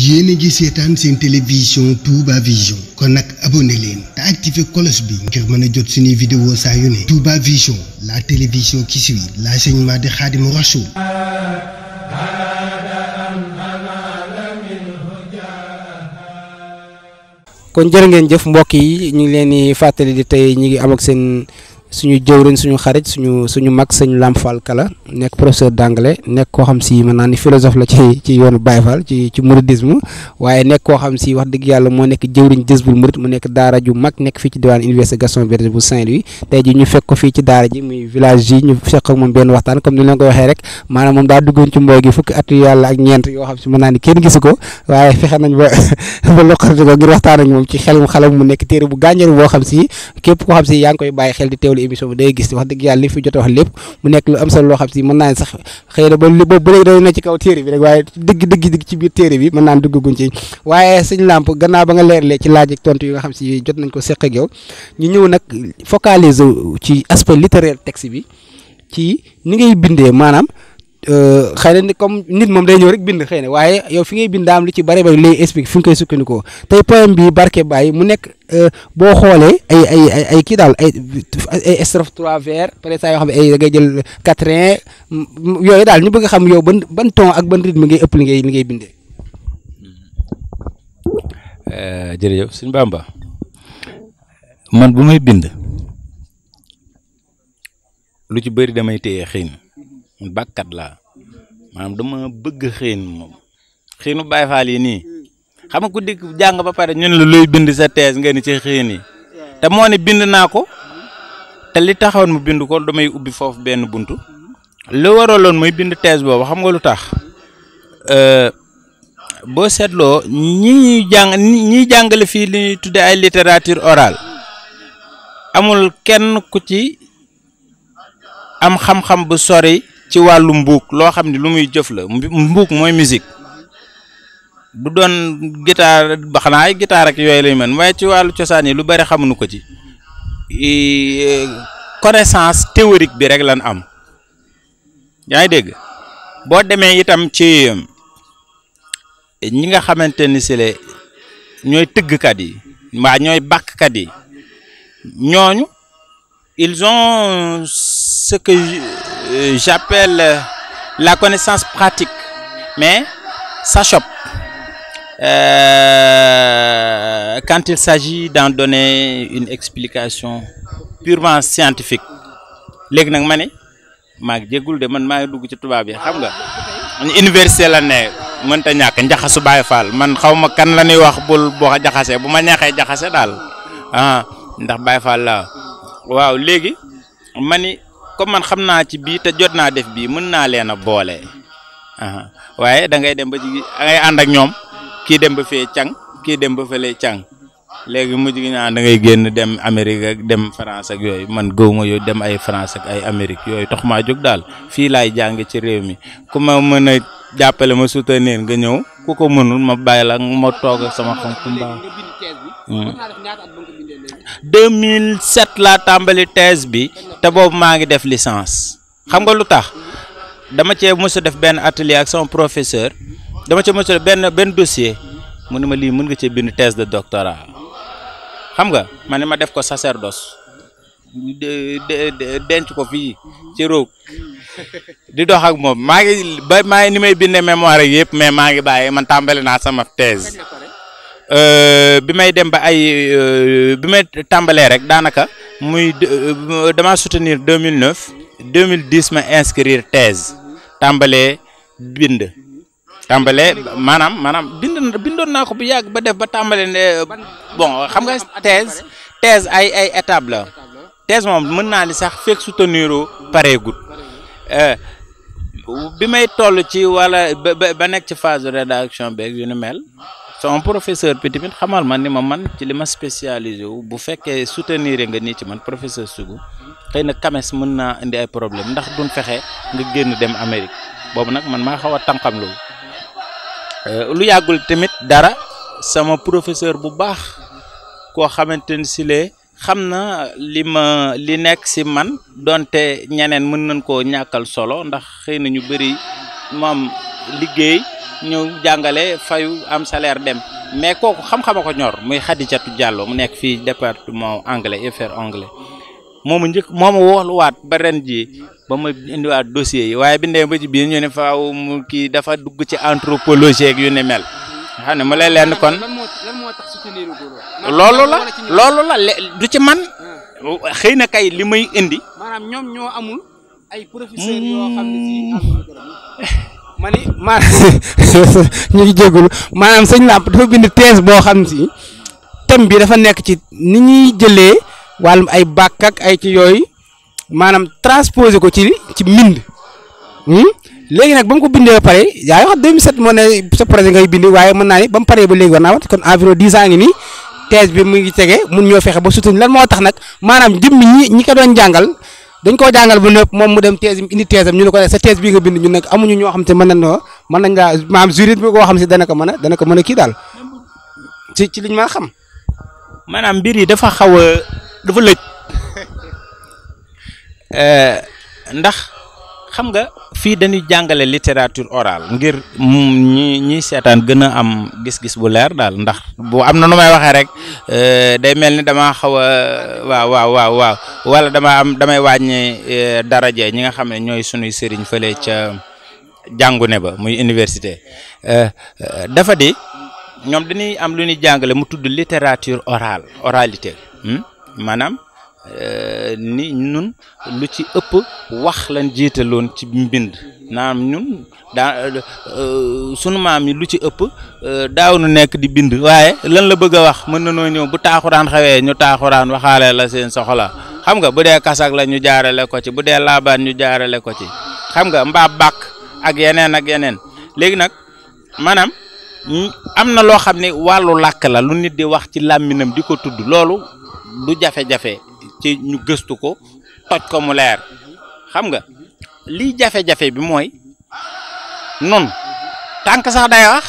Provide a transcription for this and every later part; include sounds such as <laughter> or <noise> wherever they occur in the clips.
yéen a ngi seetaan seen télévision Touba Vision kon nag abonné leen te activé cloche bi ngir mën a jot suñuy vidéo saa yu ne Touba Vision la télévision qui suit l'enseignement de Khadimou Rassoul kon jërë ngeen jëf mbokk yi ñu ngi leen di tey ñu ngi am ak seen suñu jëwriñ suñu xarit suñu suñu mag sëñ Lam Fall Kala nekk professeur d'anglais nekk koo xam si mën naa ni philosophe la ci yoonu Baye Fall ci ci waaye nekk koo xam si wax dëgg yàlla moom daa duggoon ci mbooy gi fukki at yu ak ñeent yoo xam si mën naa ni kenn gisu ko waaye fexe nañ ba <laughs> loqati ko ngir waxtaan ak moom ci xelum xalam mu nekk téere bu gànjar boo xam si képp koo xam si yaa ngi koy bàyyi xel di teewlu teewlu émission bi day gis wax dëgg yàlla fi jot a wax lépp mu nekk lu am solo loo xam si mën naa sax xëy na ba li ba bëri day na ci kaw téere bi rek waaye dëgg dëgg ci biir téere bi mën naa duggaguñ ci waaye sëñ làmp gannaaw ba nga leerlee ci laaj ak tontu yi nga xam si jot nañ ko seq ak ñu ñëw nag focaliser ci aspect littéraire texte bi ci ni ngay bindee maanaam Euh, xëy na ni comme nit moom day ñëw rek bind xëy na waaye yow fi ngay bind am lu ci bare bari lay explique fi nga koy sukkandikoo tey poème bi Barke Baye mu nekk euh, boo xoolee ay ay ay kii daal ay ay strophe trois vers par exemple yoo xam ne ay da ngay jël quatrain mm, yooyu daal ñu bëgg xam yow ba ban ton ak ban rythme ngay ëpp li ngay li ngay bindee. Euh, jërëjëf suñu Bamba man bu may bind lu ci bëri damay téye xëy na man bàkkat laa maanaam dama bëgg xiin moom xiinu Baay Faal yi nii xam nga ku dikk jàng ba pare ñun la luy bind sa thèse nga ni ci xiin yi te moo bind naa ko te li taxawoon mu bind ko damay ubbi foofu benn buntu li waraloon muy bind thèse boobu xam nga lu tax euh, boo seetloo ñi ñuy jàng ñiy jàngale fii li ñuy ay littérature orale amul kenn ku ci am xam-xam bu sori ci wàllu mbuuk loo xam ne lu muy jëf la mbuuk mooy musique du doon guitare ba xanaa ay guitare ak yooyu lañu man waaye ci wàllu cosaan yi lu bari xamuñu ko ci connaissance théorique bi rek lan am yaa ngi dégg boo demee itam ci ñi nga xamante ni si le ñooy tëggkat yi mbaa ñooy bàkkkat yi ñooñu ils ont ce que euh, j'appelle euh, la connaissance pratique, mais ça chope. Euh, quand il s'agit d'en donner une explication purement scientifique léegi nag ma ne maa jéggul de man maa ngi dugg ci tubaab yi xam nga université la ne mënta ñàkk njaxasu Baay Faal man xawma kan la ñuy wax bul boo jaxase bu ma ñaaxee jaxase daal ah ndax Baay Faal la waaw léegi ma comme man xam naa ci bii te jot naa def bii mën naa leen a boole waaye da ngay dem ba ci da ngay ànd ak ñoom kii dem ba fee càng kii dem ba fële càng léegi mujj gi naan da ngay génn dem Amérique ak dem France ak yooyu man gëw yooyu dem ay France ak ay Amérique yooyu tax maa jóg daal fii laay jàng ci réew mi ku ma mën a jàppale ma soutenir nga ñëw ku ko mënul ma bàyyi la ma toog sama xam-xam 2007 laa tàmbali thèse bi te boobu maa ngi def licence xam nga lu tax dama cee mos a def benn atelie ak sama professeur dama cee mos a def benn benn dossier mu ne ma lii mun nga cee binn thèse de doctorat xam nga ma ne ma def ko sacerdoce denc ko fii ci roog di dox ak moom maa ngi ba maa ngi ni may bindee mémoire yëpp mais maa ngi bàyyi man tàmbali naa sama thèse Euh, bi may dem ba ay euh, bi may tàmbalee rek daanaka muy euh, dama soutenir 2009 2010 ma inscrire thèse tàmbale bind tàmbale maanaam maanaam bind naa ko bu yàgg ba def ba tàmbalee ne bon xam nga thèse thèse ay ay étape la thèse moom mën naa ni sax fekk soutenir pareegut bi may toll ci wala ba ba nekk ci phase de rédaction beeg yu ni mel sama professeur bi xamal ma ni ma man ci li ma spécialisé wu bu fekkee soutenir nga ni ci man professeur Sougou xëy na CAMES mën naa indi ay problème ndax duñ fexe nga génn dem Amérique boobu nag man maa xaw a tànqam loolu euh, lu yàggul tamit dara sama professeur bu baax koo xamante ni si xam na li ma li nekk si man donte ñeneen mën nañ koo ñàkkal solo ndax xëy na ñu bëri maam liggéey ñëw jàngale fayu am salaire dem mais ko xam-xama ko ñor muy Xadijatu Jàllo mu nekk fii département anglais UFR anglais moomu njëkk moomu wooluwaat ba ren ji ba ma indiwaat dossier yi waaye bi ba ci biir ñu ne faaw mu kii dafa dugg ci anthropologie ak yu ne mel xam ne mu lay kon loolu la loolu la du ci man ah. xëy na kay li may indi ñoom ñoo amul ay professeurs mm. ma ni maanaam <laughs> ñu ngi jégalu maanaam sëñ làmp dafa bind thèse boo xam si thème bi dafa nekk ci ni ñuy jëlee wàllum ay bàkk ak ay ci yooy maanaam transposé ko ci ci mbind hmm? léegi nag ba mu ko bindee ba pare yaa wax 2007 moo ne sa ngay bind waaye mën naa ni ba mu pare ba léegi war naa wat kon environ 10 ans ngi nii thèse bi mu ngi tege mun ñoo fexe ba sutuñ lan moo tax nag maanaam jëmmi ñi ñi ko doon jàngal dañ koo jàngal ba nëpp moom mu dem thèse indi thèse am ñu ne ko sa thèse bii nga bind ñun nag amuñu ñoo xam te mën nañ noo mën nañ laa maam juriste bi koo xam si dana ko mën a dana ko mën a kii daal ci ci liñ maa xam. maanaam mbir yi dafa xaw a dafa lëj <laughs> eh, ndax xam nga fii dañuy jàngale littérature orale ngir mu ñi ñiy seetaan gën a am gis-gis bu leer daal ndax bu am na nu may waxee rek euh, day mel ni dama xaw a waaw waaw waaw wala dama am damay wàññi euh, daraja ñi nga xam ne ñooy sunuy sëriñ fële ca jàngu ba muy université euh, dafa di ñoom dañuy am lu ñuy jàngale mu tudd littérature orale oralité hmm? maanaam Euh, ni ñun lu ci ëpp wax lañ jiitaloon ci mbind naam ñun daa euh, sunu maam yi lu ci ëpp euh, daaw nu nekk di bind waaye lan la bëgg a wax mën na noo ñëw bu taaxuraan xawee ñu taaxuraan waxaale la seen soxla xam nga bu dee kasak la ñu jaarale ko ci bu dee laabaan ñu jaarale ko ci xam nga mbaa bàkk ak yeneen ak yeneen léegi nag maanaam am na loo xam ne wàllu làkk la lu nit di wax ci làmminam di ko tudd loolu du jafe-jafe ci ñu gëstu ko toj ko mu leer xam nga lii jafe-jafe bi mooy nun tànk sax day wax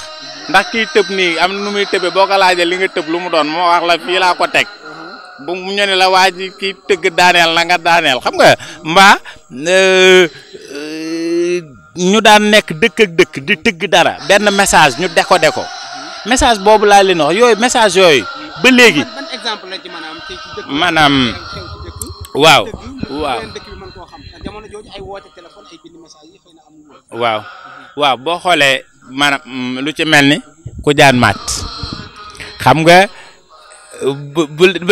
ndax kii tëb nii am nu muy tëbe boo ko laajee li nga tëb lu mu doon moo wax la fii laa ko teg bu mu ñëwee la waa ji kii tëgg daaneel nanga nga xam nga mbaa euh, euh, ñu daan nekk dëkk dëk dëkk di tëgg dara benn message ñu deko deko message boobu laa leen wax yooyu message yooyu ba léegi. maanaam waaw. waaw waaw waaw boo xoolee maanaam mm, ci mel ni ku jaan maat xam nga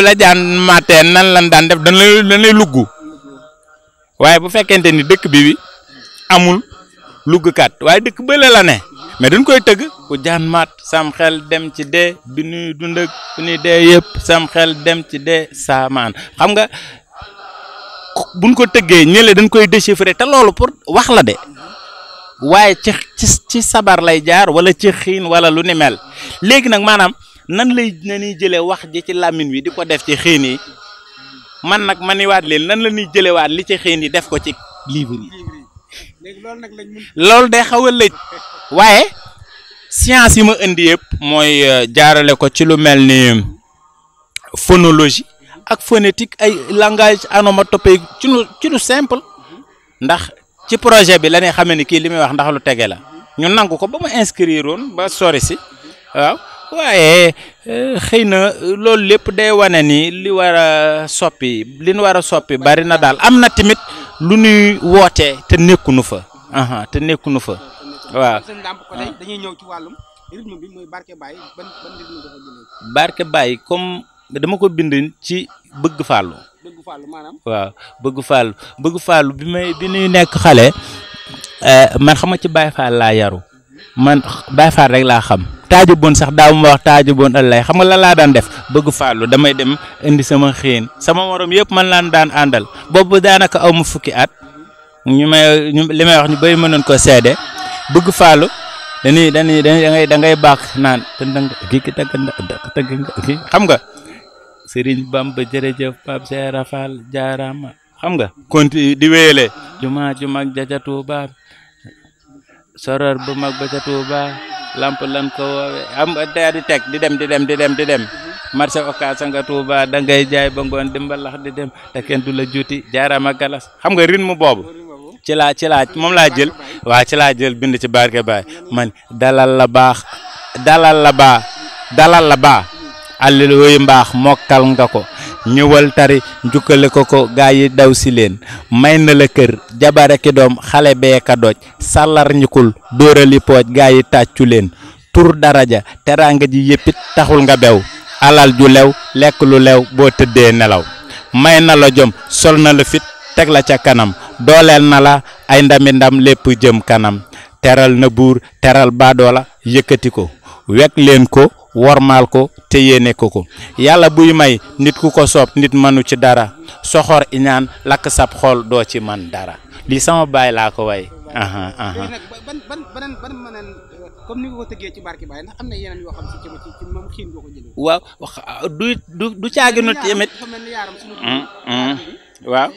la jaan maatee nan lan daan def dañ lay dañ lay lugg waaye bu fekkente ni dëkk bi bi amul luggkat waaye dëkk bële la ne mais dañ koy tëgg. ku jaan mat sam xel dem ci dee bi nuy dund ak bu nuy dee yëpp sam xel dem ci dee saamaan xam nga buñ ko tëggee ñële dañ koy déchiffrer te loolu pour wax la de waaye ci ci sabar lay jaar wala ci xiin wala lu ni mel léegi nag maanaam nan lay na ñuy jëlee wax ji ci làmin wi di ko def ci xiin yi man nag ma niwaat leen nan la ñuy jëlewaat li ci xiin yi def ko ci livre yi loolu day xaw lëj waaye science yi ma indi yëpp mooy euh, jaarale ko ci lu mel ni phonologie ak phonétique ay langage onomatopée ci lu ci lu simple ndax ci projet bi la ñuy xamee ni kii li may wax ndax lu tege la ñu nangu ko ba mu inscrire woon ba sori si waaw waaye euh, xëy na euh, loolu lépp day wane ni li war a soppi li nu war a soppi bari na daal am na tamit lu ñuy wootee te nekkunu fa te nekkunu fa. waaw sëñ dañuy ñëw ci wàllum rythme bi muy barke Baye comme dama ko bind ci bëgg fàllu. bëgg fàllu maanaam. waaw bëgg fàllu bi may bi ñuy nekk xale eh, man xam ci Baye Fall laa yaru man Baye Fall rek laa xam. taaju bon sax daaw ma wax taaju bon allay xam nga lan laa daan def bëgg fàllu damay dem indi sama xiin sama morom yëpp man laan daan àndal boobu daanaka aw ma fukki at ñu may li may wax ñu bëri mënoon ko seede bëgg faalu dañuy dañuy da ngay da ngay baax naan te ndànk kii ki tëgg kii xam nga Serigne Bamba jërëjëf Pape Cheikh Rafal jaaraama xam nga. konti di wéyale. juma ju mag ja ca Touba soror bu mag ba ca Touba lamp lan ko woowe am daa di teg di dem di dem di dem di dem. marché occas nga Touba da ngay jaay ba ngoon dimbalax di dem te kenn du la juuti jaaraama galas xam nga rythme boobu. ci laa ci laa moom laa jël waa ci laa jël bind ci barke baay man dalal la baax dalal la baax dalal la baax allil woyu mbaax mokkal nga ko ñëwal tari njukkale ko ko gaa yi daw si leen may na la kër jabare ki doom xale bee ka doj sàllar dóorali pooj gaa yi tàccu leen tur daraja teraanga ji yëppit taxul nga bew alal ju lew lekk lu lew boo tëddee nelaw may na la jom sol na la fit teg la ca kanam dooleel na la ay ndami ndam lépp jëm kanam teral na buur teral baadoola yëkkati ko wekk leen ko wormaal ko te yéene ko ko yàlla buy may nit ku ko soob nit mënu ci dara soxor i iñaan lakk sab xool doo ci man dara lii sama baay laa ko way ci barke Baye ndax du du du waaw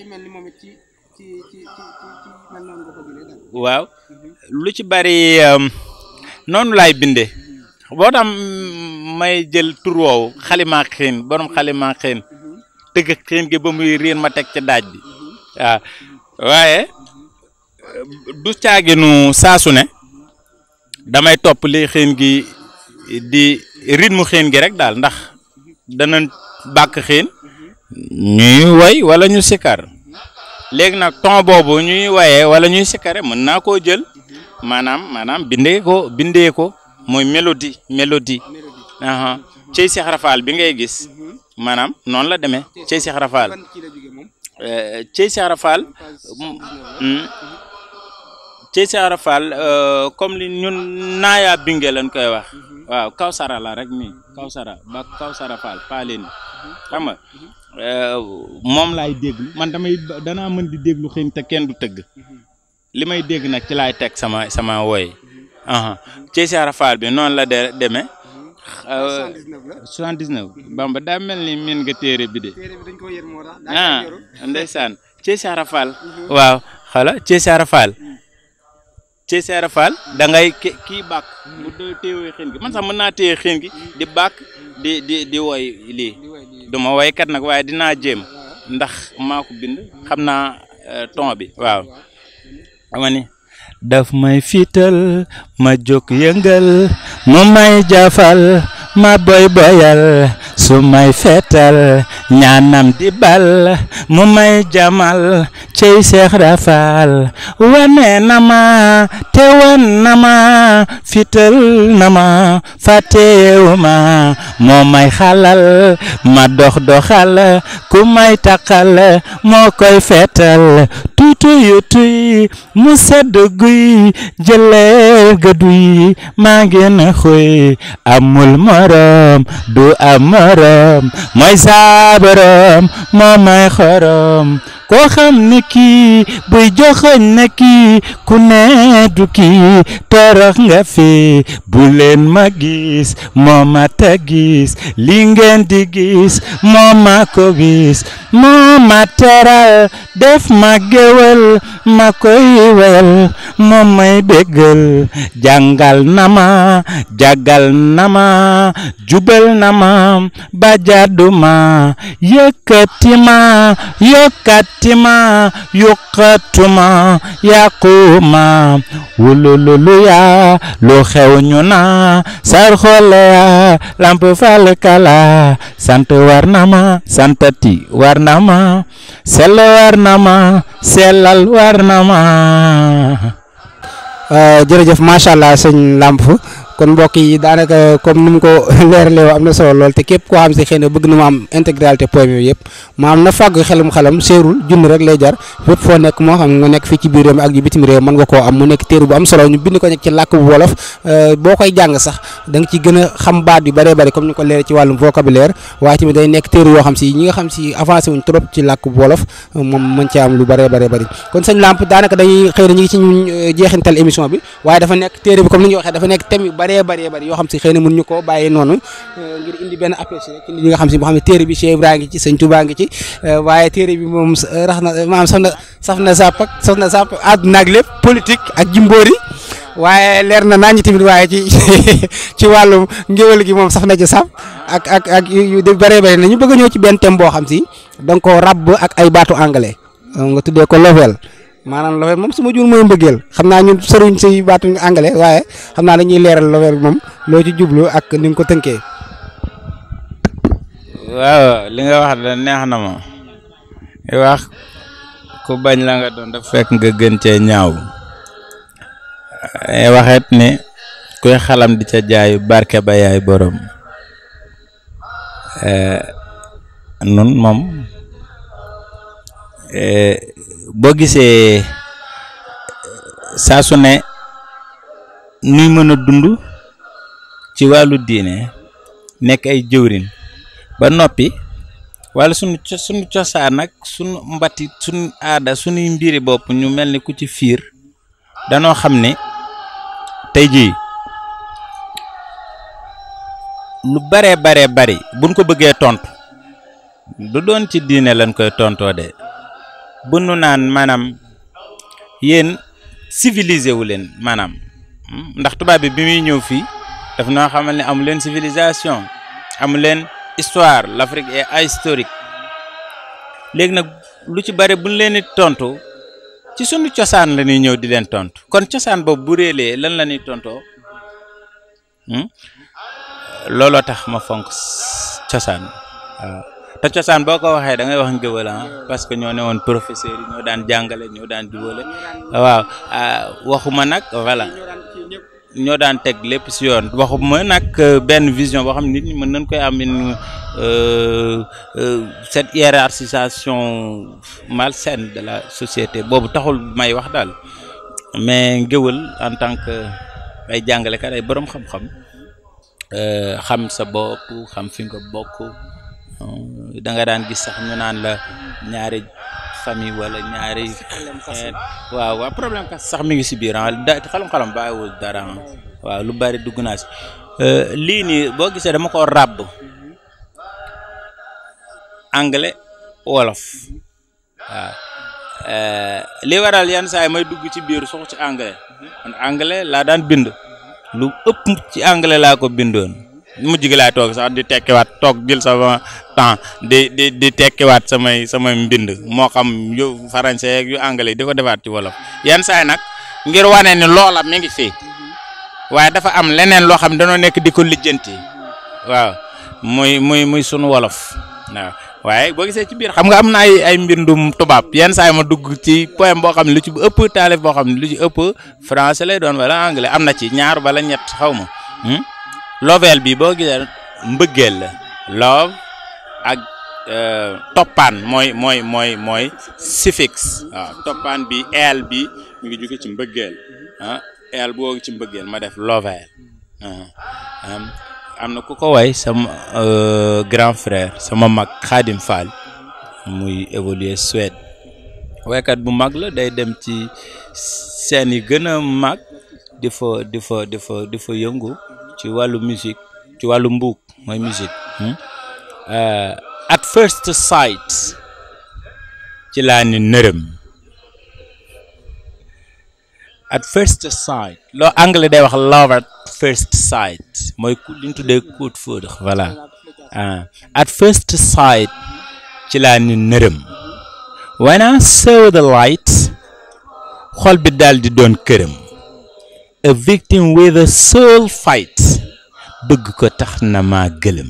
waaw mhm. lu ci bari um, noonu laay binde boo mhm. tax may jël tur woowu xalimaa xiin borom xalimaa xiin mhm. tëgg xiin gi ba muy riin ma teg ci daaj bi waaw waaye du caaginu saasu ne damay topp li xiin gi di rythme xiin gi rek daal ndax dana bàkk xiin ñuy way wala ñu sikar léegi nag ton boobu ñuy wayee wala ñuy sikare mën naa koo jël maanaam maanaam bindee ko bindee ko mooy mélodie mélodie aha cey Seex Rafaal bi ngay gis maanaam noonu la demee cey Seex Rafaal eh, cey Seex Rafaal mm, mm. cey Seex eh, comme li ñu naayaa binge lan koy wax waaw Kawsara la rek mi Kawsara ba Kawsara Faal paalin xam Euh, moom lay déglu man damay danaa mën di déglu xëy te kenn du tëgg li may dégg nag ci lay teg sama sama woy Thiès Fall bi noonu la de demee. 79 euh, Bamba daa mel ni mën nga téere bi de. téere bi dañ ko yër moo ah, mhm. waaw xala Thiès Fall. Thiès Fall da ngay ki kii bàkk. bu dee téewee gi man sax mën naa téye xeen gi di bàkk. di di woy lii duma woykat nag waaye dinaa jéem ndax maa bind xam naa euh, ton bi waaw ama ni daf may fiital ma jóg yëngal mu may jafal ma boy boyal su may feetal ñaanam di bal mu may jamal cey Seex Rafal wane na ma tewan na ma fital na ma fàtteewu ma moo may xalal ma dox doxal ku may taqal moo koy fetal tuutuyu tuy mu sedd guy jëleel gëdu yi maa ngi na xuy amul morom du am morom mooy saa moo may xorom koo xam ne kii buy joxoñ na kii ku ne kii torox nga fi bu leen ma gis moo ma ta gis li di gis moo ma gis moo ma def ma géwél ma koy wel moom may béggal jàngal na ma jàggal na ma jubal na ma ba jàddu ma yëkkati ma yokkati ma yuqatu ma yàqu ma wulululu ya lu xew ñu na sar xoole ya lamp fal kala sant war na ma santati war na ma sell war na ma sellal war na ma euh, jërëjëf macha allah sëñ Lamp kon mbokk yi daanaka comme ni mu ko <laughs> leeralee am na solo lool te képp koo xam si xëy na bëgg na mu am intégralité junni rek lay jar fépp foo nekk moo xam nga nekk fii ci biir réew mi nga koo am mu nekk téere bu am solo ñu bind ko nekk ci làkk bu wolof euh, boo koy jàng sax da ci gën a xam baat yu bëree bëri comme ni ko leer ci wàllum vocabulaire waaye tamit day nekk téere yoo xam si ñi nga xam si avancé wuñ trop ci làkk bu wolof euh, moom ci am lu bëree bëri bëri kon sëñ Lamp daanaka euh, nekk téere bëree bëree bëri yoo xam si xëy na mën ñu koo bàyyi noonu euh, ngir indi benn appétit rek ci nit nga xam si moo xam ne téere bi Cheikh Ibrahima ngi ci sëñ Touba ngi ci euh, waaye téere bi moom rax na maanaam saf na saf na sàpp ak saf na sàpp àdduna ak lépp politique ak jimboori waaye leer na naa ñi tamit waaye ci <laughs> ci wàllu ngéwél gi moom saf na ci saf ak ak ak yu bëree bëri na ñu bëgg a ñëw ci benn thème boo xam si da nga koo ràbb ak ay baatu anglais nga tuddee ko lovell maanaam lover moom su ma jur mooy mbëggeel xam naa ñun soriñ si baatuñ anglais waaye xam naa dañuy leeral lover moom loo ci jublu ak ni nga ko tënkee. waaw li nga wax da neex na ma wax ku bañ la nga doon daf fekk nga gën cee ñaaw eh, waxet ni kuy xalam di cee jaayu barke ba yaay borom eh, nun moom Eh, boo gisee eh, saa su ne nuy mën a dund ci wàllu diine nekk ay jëwrin ba noppi wala sunu sunu cosaan nag sunu mbati sunu aada sunuy mbiri bopp ñu mel ni ku ci fiir danoo xam ne tey jii lu bare bare bari buñ ko bëggee tontu du doon ci diine lañ koy tontoo de bu nu naan maanaam yéen civilisé wu leen maanaam hmm? ndax tubaab bi bi muy ñëw fii daf noo xamal ne amu leen civilisation amu leen histoire l'Afrique est ahistorique léegi nag lu ci bare buñ leen di tontu ci sunu cosaan la ñuy ñëw di leen tontu kon cosaan boobu bu réelee lan la ñuy tontoo hmm? looloo tax ma fonk cosaan te cosaan boo ko waxee da ngay wax ngéwël ah, parce que ñoo ne woon professeurs yi ñoo daan jàngale ñoo daan jubale waaw ah, waxuma nag voilà ñoo daan teg lépp si yoon waxuma nag euh, benn vision boo xam ne nit ñi mën nañ koy am une euh, euh, cette hiérarchisation malsaine de la société boobu taxul may wax daal mais ngéwël en tant que ay jàngale ay boroom xam-xam xam sa bopp xam fi nga bokk. Euh, danga daan gis sax ñu naan la ñaari famille wala ñaari xeet waaw waaw sax mi ngi si biir ah. da xalam-xalam bàyyiwul dara ah. waaw lu bari dugg naa si euh, lii nii boo gisee dama ko ràbb anglais wolof waaw euh, li waral yan saay may dugg ci biir sox ci anglais mhm. man anglais laa daan bind lu ëpp ci anglais laa ko bindoon mujj gi toog sax di tekkiwaat toog jël sama temps di di di tekkiwaat samay samay mbind moo xam yu français ak yu anglais di ko defaat ci wolof yenn saay nag ngir wane ni loola mi ngi fii waaye dafa am leneen loo xam ne dañoo nekk di ko lijjanti waaw muy muy muy sunu wolof waaw waaye boo gisee ci biir xam nga am na ay ay mbindum tubaab yan saa yi ma dugg ci poème boo xam ne lu ci ëpp taalif boo xam ne lu ci ëpp français lay doon wala anglais am na ci ñaar bala ñett xaw loveel bi boo gisee mbëggeel la love ak euh, toppaan mooy mooy mooy mooy toppaan bi el bi mu ngi jóge ci mbëggeel ah, el boo ci mbëggeel ma def loveel ah, am na ku ko way sama euh, grand frère sama mag Xaadim Fall muy évoluer Suède waykat bu mag la day dem ci seeni yi gën mag di fa di fa di yëngu ci wàllu musique ci wàllu mbuuk mooy musique hmm? euh, at first sight ci laa ni nërëm at first sight loo anglais day wax love at first sight mooy li ñu tuddee coup de foudre voilà euh, at first sight ci laa nërëm when I the light xol bi daal di doon këram a victim with a soul fight bëgg ko tax na ma gëlëm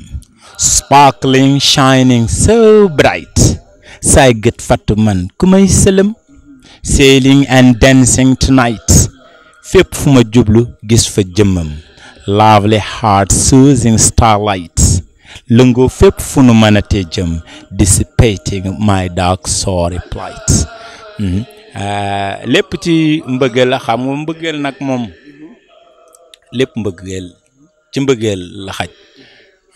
sparkling shining so bright saay gët fàttu man ku may sëlëm sailing and dancing tonight fépp fu ma jublu gis fa jëmmam lovely heart soothing starlight lëngoo fépp fu nu mën a jëm dissipating my dark sorry plight mm-hmm. uh, lépp ci mbëggeel la xam nga mbëggeel nag moom lépp ci mbëggeel la xaj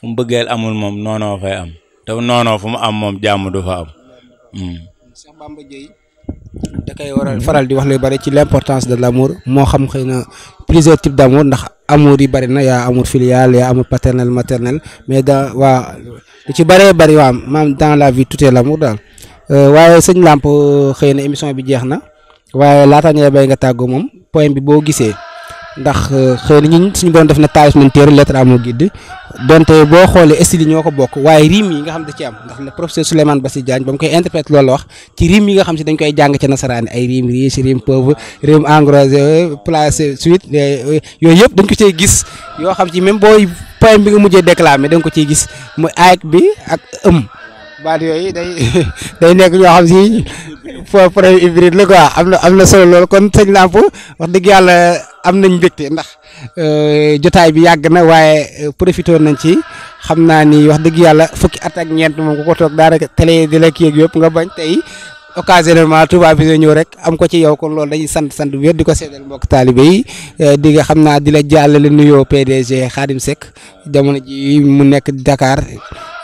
fu mbëggeel amul moom noonoo fay am te noonoo fu mu am moom jàmm du fa am. Hmm. Cheikh Bamba waral faral di wax lu bari ci l'importance de l'amour moo xam xëy na plusieurs types d'amour ndax amour yi bari yaa amour filial yaa amour paternel maternel mais da waa lu ci bëree bari maam dans la vie tout est daal euh, waaye sëñ Lamp xëy na émission bi jeex na waaye laata ngay bay nga tàggu moom point bi boo gisee. ndax euh, xëy na ñun suñu borom def na taalif nañ téere lettre amoo gidd donte boo xoolee style ñoo ko bokk waaye rime yi nga xam da ci am ndax le professeur Souleymane Bassi Diagne ba mu koy interprète loolu la wax ci rime yi nga xam si dañ koy jàng ci nasaraani ay rime riche rime pauvre rime engrosé suite euh, euh, yooyu yëpp dañ ko cey gis yoo xam ci même booy poème bi nga mujjee déclamé dañ ko ciy gis mu aeg bi ak ëm baat yooyu <laughs> day nekk ñoo xam si fo problème hybride am nañ mbégte ndax euh, jotaay bi yàgg na waaye euh, profité nañ ci xam naa ni wax dëgg yàlla fukki at ñeent moom ku ko toog daanaka télé di la kii ak yëpp nga bañ tey occasionnellement Touba Vision ñëw rek am ko ci yow kon loolu dañuy sant sant wér di ko seedal mbokk taalibe yi euh, di nga xam naa di la jàllale nuyoo PDG Khadim Seck jamono ji mu nekk dakaar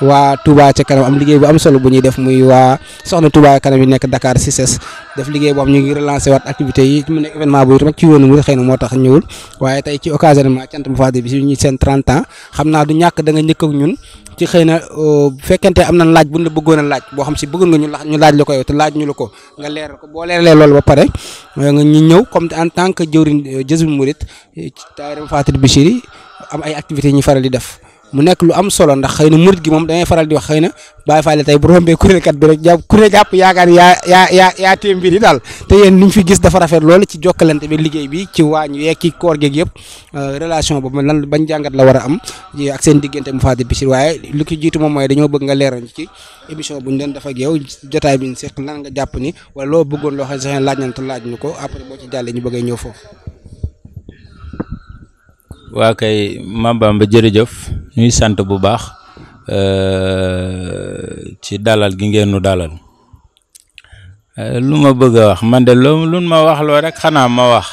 waa Touba ci kanam am liggéey bu am solo bu ñu def muy waa soxna Touba kanam yi nekk dakaar Dakar CICES def liggéey boo xam ñu ngi relancé waat activités yi mu nekk événement bu rek ci yoonu mu xëy na moo tax ñëwul waaye tey ci occasionnellement cant bu fàtte bi si ñu seen 30 ans xëy na euh, bu fekkente am na laaj bu ñu la a laaj boo xam si bëggoon nga ñu ñu laaj la ko yow te laaj ñu la ko nga leeral ko boo leeralee loolu ba pare euh, nga ñu ñëw comme en tant que jëwriñ euh, Jazboul Mouride ci Daahira bi Bichri am ay activité ñu faral di def mu nekk lu am solo ndax xëy na murit gi moom dañuy faral di wax xëy na bàyyi faale tey bu rombee kuréelkat bi rek jàpp kuréel jàpp yaakaar yaa yaa yaa yaa téye mbir yi daal te yéen niñ fi gis dafa rafet loolu ci jokkalante bi liggéey bi ci waañ yeeg ci koor geeg yëpp euh, boobu lan bañ jàngat la war a am ak seen diggante mu faati waaye lu ko jiitu moom mooy dañoo bëgg nga leeral ci émission bu ñu doon def ak yow jotaay bi ñu seq nan nga jàpp ni wala loo bëggoon loo xam ne laaj nañ laaj ñu ko après boo ci jàllee ñu bëggee ñëw foofu waa kay Mame Bamba jërëjëf ñuy sant bu baax euh, ci dalal gi ngeen nu dalal euh, lu ma bëgg a wax man de loo lu ma waxloo rek xanaa ma wax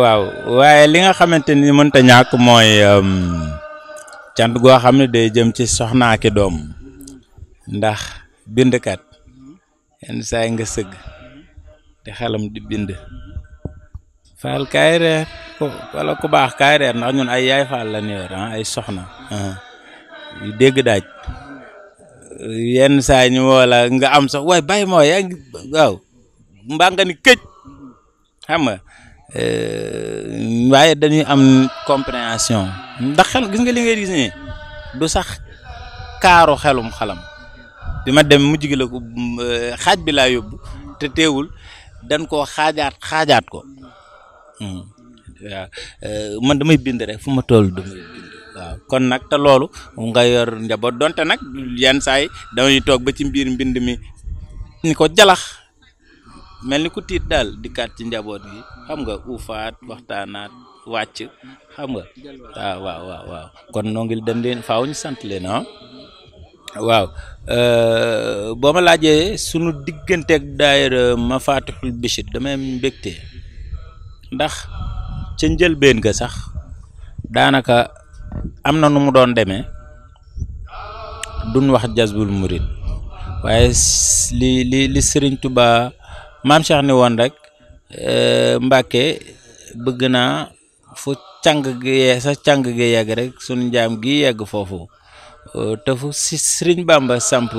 waaw waaye li nga xamante ni mënta ñàkk mooy euh, cant goo xam ne day jëm ci soxnaa doom ndax bindkat yenn saay nga sëgg te xelam di bind faal kaay reer ku baax kaay reer ndax ñun ay yaay faal la ñu ah, ay soxna ah, yu dégg daaj yenn saa ñu nga am sax waaye bàyyi moo yaa ngi waaw mbaa nga ni këj xam eh, waaye dañuy am compréhension ndax xel gis nga li ngay gis nii du sax kaaru xelum xalam bi ma dem mujj gi la eh, xaaj bi laa yóbbu te teewul dañ koo xaajaat xaajaat ko Hmm. waaw eh, man damay bind rek fu ma toll damay bind waaw kon nag te loolu nga yor njaboot donte nag yenn saay yi damay toog ba ci mbiir mbind mi ni ko jalax mel ni ku tiit daal dikkaat ci njaboot bi xam nga uufaat waxtaanaat wàcc xam nga waaw waaw waaw kon noo ngi faw ñu sant leen ah waaw eh, boo ma laajee sunu digganteeg daayira Mafatihul Bichri damay mbégte ndax ca njëlbeen ga sax daanaka am na nu mu doon demee duñ wax jazbul murid waaye li li sëriñ tuba maam Cheikh ni woon rek euh, Mbàkke bëgg naa fu càng gi sa càng gi yegg rek sunu njaam gi yegg foofu euh, te fu si sëriñ Bàmba samp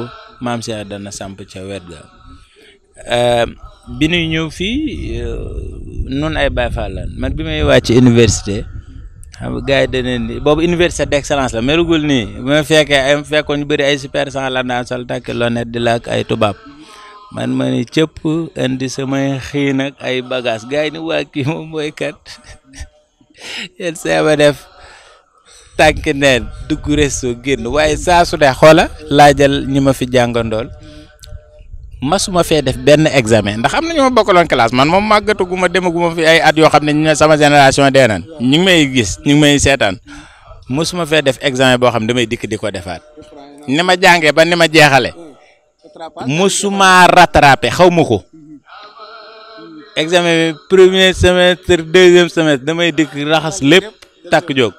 maam Cheikh dana samp ca wet ga Euh, bi ñuy ñëw fii euh, nun ay Baye Fall lan man bi may wàcc université xam nga gars yi dañu ne boobu université d'excellence la merugul nii bu ma fekkee ay fekkoon ñu ay super sang la daan sol takk lonet di laak ay tubaab man ma ni cëpp indi samay xiin ak ay bagage gars yi ni waa moom mooy kat seeba <laughs> def tànk neen dugg resto génn waaye saa su dee xoola laajal ñi ma fi jàngandool masuma fee def benn examen ndax am na ma bokkaloon classe man moom màggatuguma demaguma fi ay at yoo xam ne ñu ne sama génération dee nañ ñu ngi may gis ñu ngi may seetaan masuma fee def examen boo xam ne damay dikk di ko defaat ni ma jàngee ba ni ma jeexale mosuma rattrapé xaw ma ko examen bi premier semestre deuxième semestre damay dikk raxas lépp takk jóg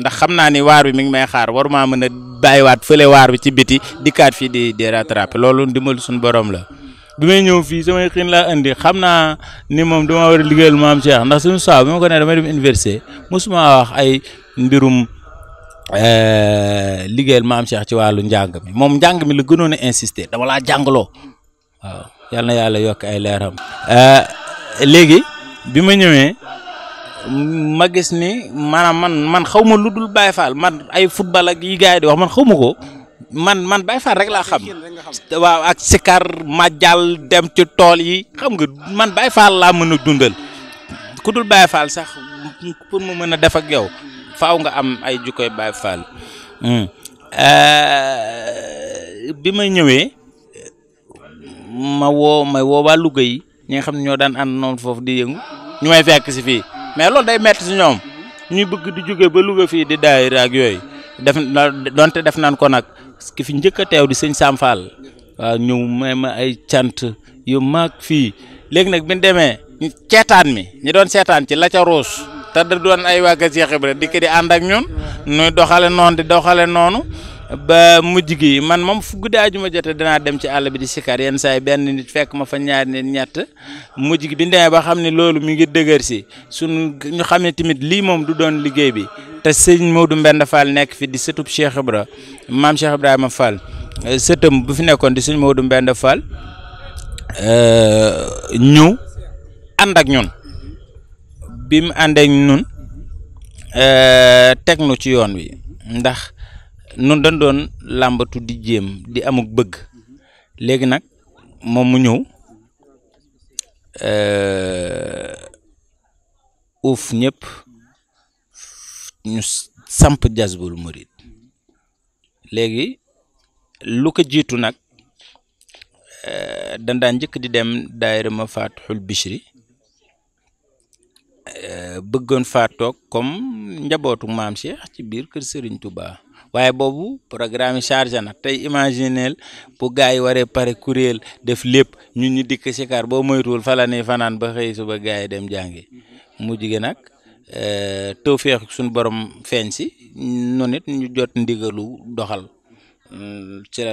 ndax xam naa ni waar wi mi ngi may xaar waruma mën a bàyyiwaat fële waar wi ci biti dikkaat fi di di rattraper loolu mal suñu borom la. bi may ñëw fii samay xiin laa indi xam naa ni moom dama war a liggéeyal maam Cheikh ndax suñu saa bi ma ko nee damay dem université mosuma wax ay mbirum eh, liggéeyal maam seex ci wàllu njàng mi moom njàng mi la gënoon a dama laa jàngaloo waaw yal na yàlla yokk ay leeram eh, léegi bi ma ñëwee. ma gis ni maanaam man man xaw ma lu dul Baye Fall man ay football ak yi gars yi di wax man xaw ko man man Baye rek laa xam waaw ak Sikar Madial dem ci tool yi xam nga man Baye Fall laa mën a dundal ku dul Baye Fall sax pour mu mën a def ak yow faaw nga am ay jukkoy Baye Fall hmm. euh, bi ma ñëwee ma woo ma woo waa Louga yi ñi nga xam ne ñoo daan ànd noonu foofu di yëngu ñu may fekk si fii. mais loolu day metti si ñoom ñuy bëgg di jóge ba Louga fii di daayira ak yooyu def na donte def nañ ko nag ki fi njëkk a teew di sëñ Sam Fall waaw ñëw may ma ay cant yu mag fii léegi nag bi demee ceetaan mi ñu doon seetaan ci la ca ruus te da doon ay waa Cheikh Ibrahima di ko ànd ak ñun ñuy doxale noonu di noonu ba mujj gi man moom fu guddi ajuma jotee danaa dem ci àll bi di sikar yenn saa yi benn nit fekk ma fa ñaar nit ñett mujj gi bi ñu demee ba xam ne loolu mu ngi dëgër si suñu ñu xam ne tamit lii moom du doon liggéey bi te sëñ Modou Mbenda Fall nekk fi di sëtub Cheikh Ibra maam Cheikh ma Fall eh, sëtam bu fi nekkoon di sëñ Modou Mbenda Fall eh, ñëw ànd ak ñun bi mu ànd ak ñun eh, teg nu ci yoon wi ndax. nun dañ doon làmbatu di jéem di amuk bëgg léegi nag moom mu ñëw euh, uuf ñëpp ñu samp Jazbul Murid léegi lu ko jiitu nag euh, dañ daan njëkk di dem daayira ma Fatihul Bichri euh, bëggoon faa toog comme njabootu maam Cheikh ci biir kër Serigne tubaa waaye boobu programme chargé nag tey imagineel bu gars yi waree pare kuréel def lépp ñun ñu dikk sikar boo moytuwul fala ni fanaan ba xëy suba gars yi dem jàngi mujj gi nag euh, tawféex suñu borom feeñ si noonu it ñu jot ndigalu doxal mm, ci la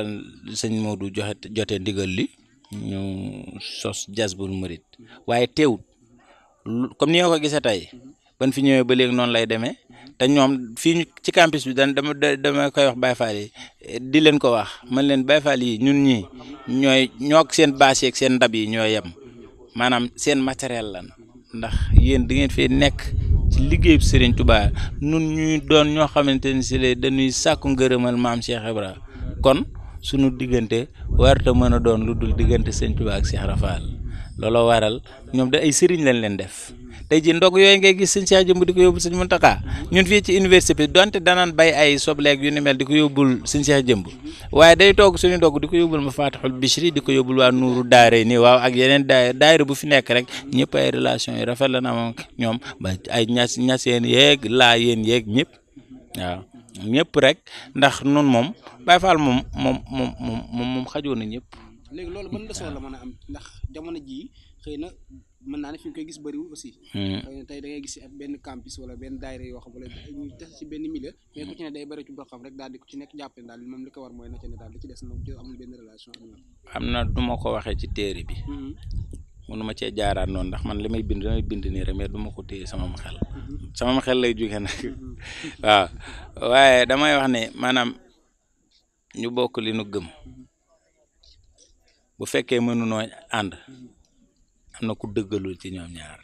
sëñ Modou joxe jote ndigal li ñu sos Jazboul Mouride waaye teewut comme ni nga ko tey ban fi ñëwee ba léegi noonu lay demee te ñoom fii ci campus bi dañ dama dama koy wax Baye Fall yi di leen ko wax man leen Baye Fall yi ñun ñii ñooy ñoog seen bâche yeeg seen ndab yi ñoo yem maanaam seen matériel lan ndax yéen da ngeen fee nekk ci liggéeyub seriñ Touba nun ñuy doon ñoo xamante ni si lee dañuy sàkku ngërëmal maam Cheikh Ibra kon sunu diggante warta mën a doon lu dul diggante Serigne Touba ak Cheikh Rafal looloo waral ñoom da ay sëriñ lañ leen def tey ji ndog yooyu ngay gis sëñ Cheikh Jëmb di ko yóbbul sëñ Muntaxa ñun fii ci université bi donte danaan bay ay sobleeg yu ni mel di ko yóbbul sëñ Cheikh Jëmb waaye day toog suñu ndog di ko yóbbul ma Fatihul Bichri di ko yóbbul waa Nuuru Daare nii waaw ak yeneen daare daayira bu fi nekk rek ñëpp ay relation yi rafet la na moom ñoom ba ay ñas ñas yéen yeeg laa yéen yéeg ñëpp waaw ñëpp rek ndax nun moom Baay Faal moom moom moom moom moom xajoon na ñëpp léegi loolu ban leçon la mën a am ndax jamono mën naa ne fi ñu koy gis bëriwul aussi. Hmm. xëy na tey da gis si benn campus wala benn daayira yoo xam wala ñuy tas si benn milieu. mais ku ci ne day bëri rek daal di ku ci nekk jàpp ne daal moom li ko war mooy na ci ne daal li ci des nag ci am na du ma ko waxee ci téere bi. mënuma hmm. cee jaaraat noonu ndax man li may bind damay bind nii rek mais ko téye sama xel. Hmm. sama xel lay jógee nag. <laughs> waaw waaye damay wax ne maanaam ñu bokk li nu gëm. bu fekkee mënunoo ànd. am na ku dëggalul ci ñoom ñaar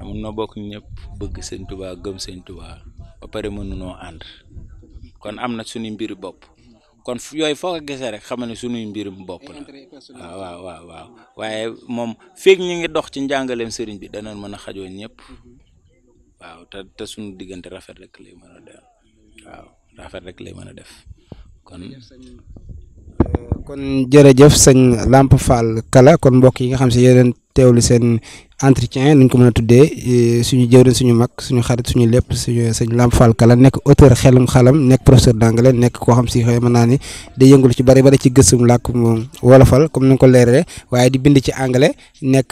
mun na bokk ñépp bëgg sëñ tubaa gëm sëñ tubaa ba pare mënunoo ànd kon am na suñu mbir bopp kon yooyu foo ko gisee rek xamal ne suñuy mbirum bopp la waaw waaw waaw waaye moom feeg ñi ngi dox ci njàngaleem sëriñ bi danañ mën a xajoo ñëpp waaw te te suñu diggante rafet rek lay mën a def waaw rafet rek lay mën a def kon. kon jërëjëf sëñ Lamp Fall Kala kon mbokk yi nga xam si yeneen teewlu seen entretien nuñ ko mën a tuddee e, suñu jëwriñ suñu mag suñu xarit suñu lépp suñu sëñ Lamp Fall Kala nekk auteur xelum xalam nekk professeur d'anglais nekk koo xam si xëy mën naa ni day yëngul ci bari bari ci ko leeree waaye di bind ci e,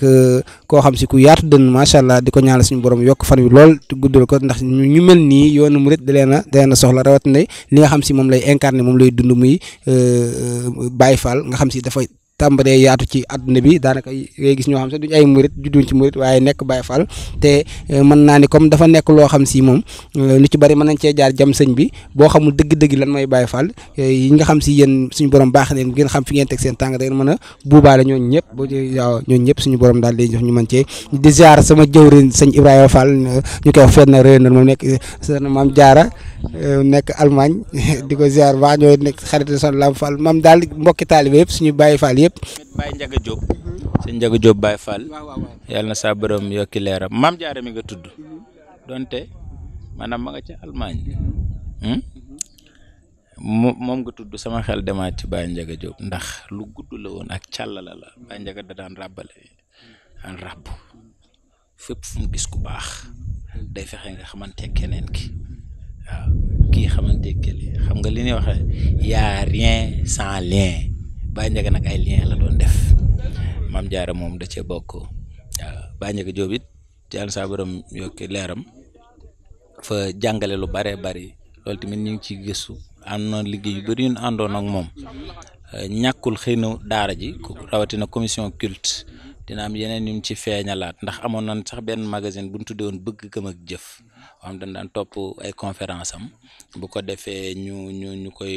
koo xam si ku yaatu dënn macha allah di ko ñaanal suñu borom yokk fan wi lool guddal ko ndax ñu mel nii yoonu murit da leen a da leen a soxla rawatina li nga xam si moom lay incarné moom lay dund muy e, Baye Fall nga xam si dafa tàmbalee yaatu ci àdduna bi daanaka ngay gis ñoo xam sax duñ ay murit judduñ ci murit waaye nekk Baye Fall te euh, mën naa ni comme dafa nekk loo xam si moom euh, euh, da ngeen mën a buubaale ñooñu ñëpp boo waaw ñooñu ñëpp suñu borom daal di jox ñu mën cee di ziar sama jëwriñ sëñ Ibrahima Fall ñu koy wax fenn réew na moom nekk seen <laughs> mbokki taalibe yëpp suñu Baye Fall yëpp. Baye Ndiaga Diop. sëñ Ndiaga Diop Baye Fall. yàlla na saa borom yokki leeram maam jaara mi nga tudd. donte maanaam ma nga ca Allemagne. Hmm? moom nga tudd sama xel demaat ci Baye Ndiaga ndax lu gudd la woon ak càllala la Baye Ndiaga da daan ràbbale daan ràbb fépp fu mu gis ku baax day fexe nga xamante keneen ki waaw kii xamante kele xam nga li ñuy waxee y rien sans lien Baye Ndiaga nag ay lien la doon def maam jaara moom da cee bokk waaw Baye Ndiaga Diop it yàlla saa yokki leeram fa jàngale lu bare bari loolu tamit ñu ngi ciy gëstu àndoon liggéey yu bëri àndoon ak moom euh, ñàkkul xëy na daara ji rawatina commission culte dina am yeneen ñu ci feeñalaat ndax amoon na sax benn magasin bu ñu tuddee woon bëgg gëm ak jëf xam dañ daan topp ay conférence am bu ko defee ñu ñu ñu koy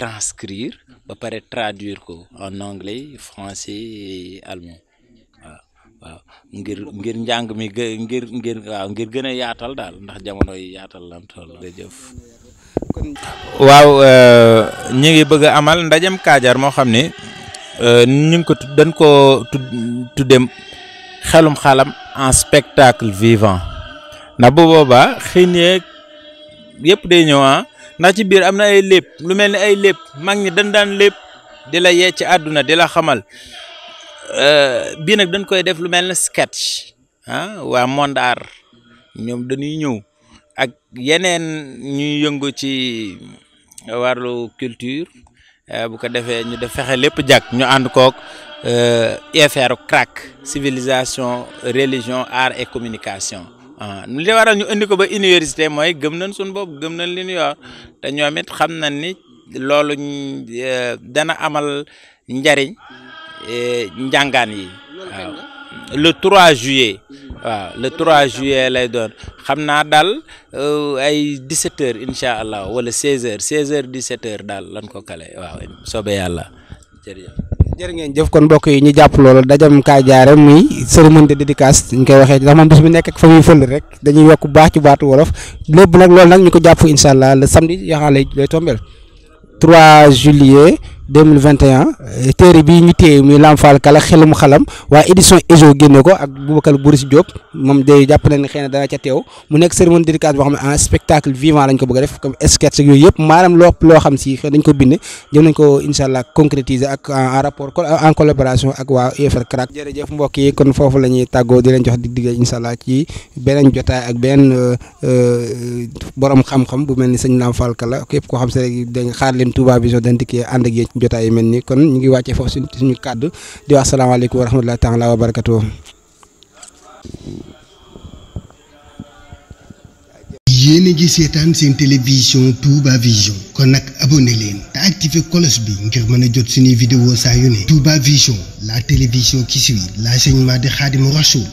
transcrire ba pare traduire ko en anglais français et allemand waaw ngir ngir njàng mi ngir ngir waaw ngir gën a yaatal daal ndax jamono yi yaatal lan toll jëf waaw euh, ñu ngi bëgg a amal ndajem kajar moo xam ne euh, ñu ngi ko dañ koo tuddee xelum xalam en spectacle vivant ndax bu boobaa xëy na yëpp day ah, ndax ci biir am na ay lépp lu mel ni ay lépp mag ñi dañ daan lépp di la yee ci àdduna di la xamal euh, bii nag dañ koy def lu mel ni sketch ah waa mondar ñoom dañuy ñëw ak yeneen ñuy yëngu ci wàllu culture euh, bu ko defee ñu def fexe lépp jàkk ñu ànd kook euh, IFR CRAC civilisation religion art et communication ah li a ñu indi ko ba université mooy gëm nañ suñu bopp gëm nañ li ñu yor ñoom it xam nañ ni loolu eh, dana amal njariñ eh, njàngaan yi le 3 juillet waaw le trois juillet lay doon xam naa daal eh, ay 17h incha allah wala 16h 16h 17h daal lan ko kale waaw soobee yàlla jërë ngeen jëf kon bokk yi ñu jàpp loolu dajam kaa jaare muy cérémonie de dédicace ñu koy waxee ndax moom bis bu nekk ak fa muy fël rek dañuy yokk baax ci baatu wolof lépp nag loolu nag ñu ko jàpp incha allah le samedi yoo lay tombeel 3 juillet 2021 eh, téere bii ñu téye muy Lam Fall Kala xelum xalam waa édition EJO génne ko ak Boubacar Boris Diop moom de jàpp nañ ne xëy na dana ca teew mu nekk cérémonie dédicace boo xam ne en ah, spectacle vivant ko bëgg a def comme sketch yooyu yëpp maanaam loo loo xam si dañ ko bind jëm nañ ko incha allah concrétiser ak en rapport en collaboration ak waa UFR CRAC. jërëjëf mbokk yi kon foofu la ñuy tàggoo di leen jox dig dige incha allah ci beneen jotaay ak beneen euh, euh, borom xam-xam bu mel ni sëñ Lam Fall Kala képp koo xam si rek dañ xaar leen Touba Vision dañ dikkee ànd ak yéen jotaay yu mel nii kon ñu ngi wàccee foofu suñ suñu kàddu di wax salaamaaleykum wa rahmatulah taala wa barakatuh a ngi seetaan seen télévision Touba Vision kon nag abonné leen te activé cloche bi ngir mën jot suñuy vidéo saa yu ne Touba Vision la télévision qui suit l'enseignement de Khadimou Rassoul